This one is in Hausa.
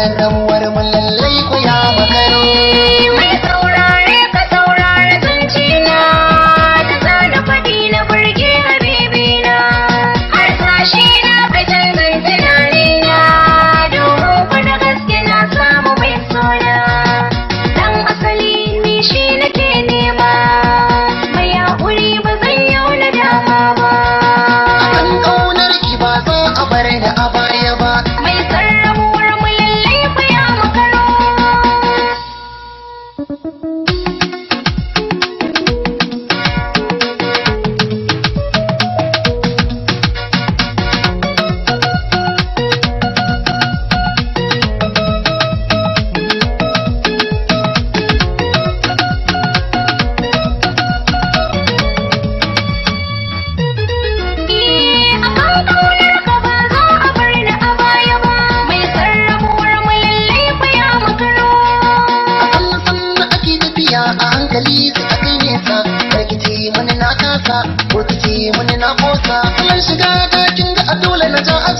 பயணம் wani na kasa ko take wani na kosa kalan shiga ta da a dole na ja a